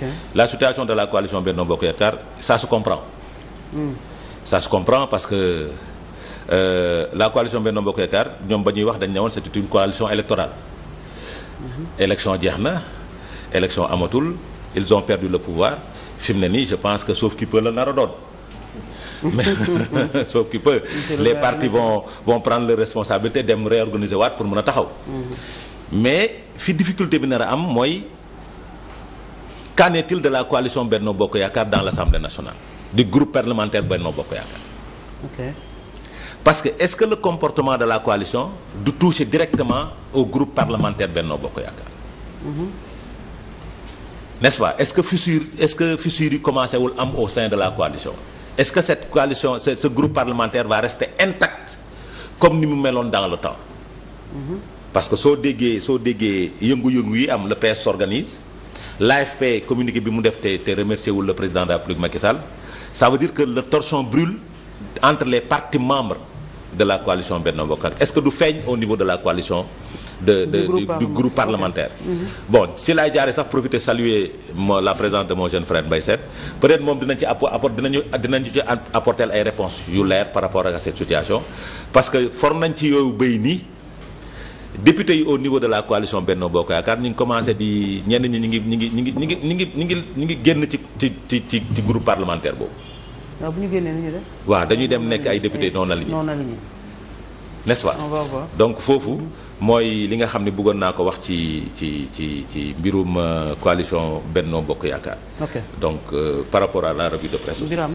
okay. la situation de la coalition Benno Bokk Yaakaar ça se comprend mm. ça se comprend parce que euh, la coalition Benno Bokk Yaakaar ñoom ba ñuy wax dañ ne woon c'était une coalition électorale hmm. élection jeex na élection amatul ils ont perdu le pouvoir fi mu ne nii je pense que sauf qui peut la nar a doon mais sauf qui peut les partis prendre les responsabilités dem réorganiser waat pour mën a taxaw hmm. mais fi difficulté bi nar a am mooy qu'en est-il de la coalition Benno Bokk Yaakaar dans l'Assemblée nationale du groupe parlementaire Benno Bokk Yaakaar parce que est-ce que le comportement de la coalition du toucher directement au groupe parlementaire Benno Bokk Yaakaar mm-hmm. n'est-ce pas est-ce que fissure est-ce que fissure yi commencé wul am au sein de la coalition est-ce que cette coalition ce, ce groupe parlementaire va rester intact comme ni mu meloon dans le temps mm-hmm. parce que soo déggee soo déggee yëngu-yëngu am le PS s'organise l'AFP communiqué bi mu def te te remercié wul le président de la République Macky Sall ça veut dire que le torchon brûle entre les partis membres de la coalition Benno Bokk Yakaar est-ce que du feeñ au niveau de la coalition de de du groupe, parlementaire mm-hmm. bon si laay jaaree sax profiter saluer ma la présence de mon jeune frère Mbaye Sène peut-être moom dinañ ci apport dinañu dinañu ci apporter ay réponses yu leer par rapport à cette situation parce que for nañ ci yooyu béy nii député yi au niveau de la coalition Benno Bokk Yaakaar ñu ngi commencé di ñenn ñi ñu ngi ñu ngi ñu ngi ñu ngi ñu ngi ñu ngi génn ci ci ci ci ci groupe parlementaire boobu. waaw bu ñu génnee ñu def. dañuy dem nekk ay député non alignés non alignés n'est-ce pas donc foofu mooy li nga xam ne buggoon naa ko wax ci ci ci ci mbirum euh, coalition Benno Bokk Yaakaar. ok donc euh, par rapport à la revue de presse aussi.